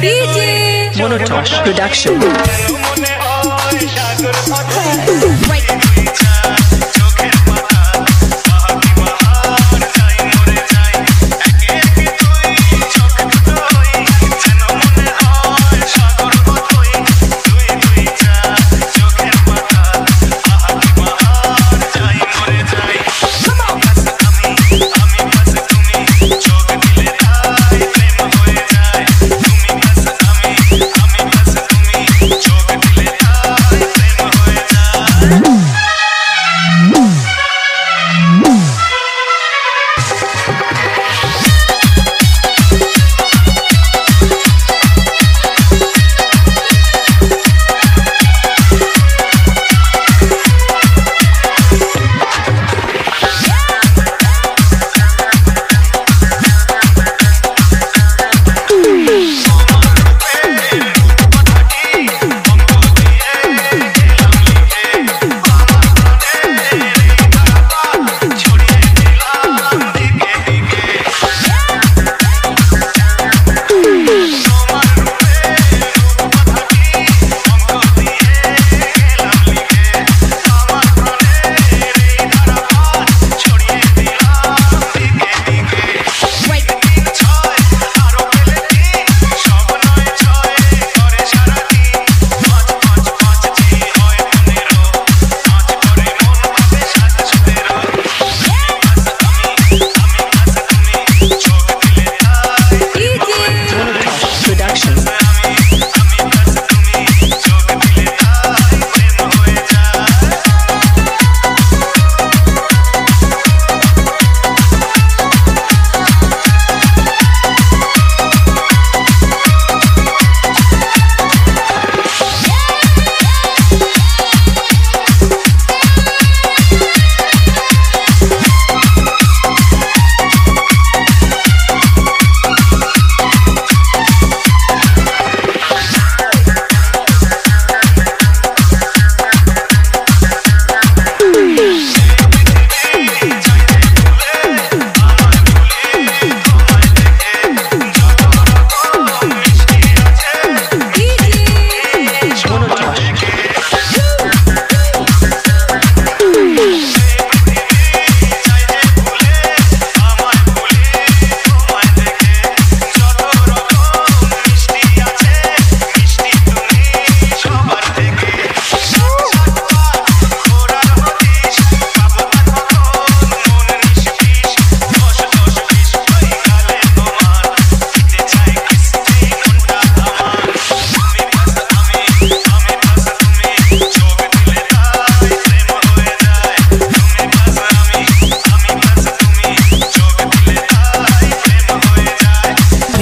by DJ Monotosh Production.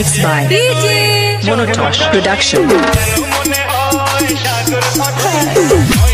Mixed by DJ Monotosh Production.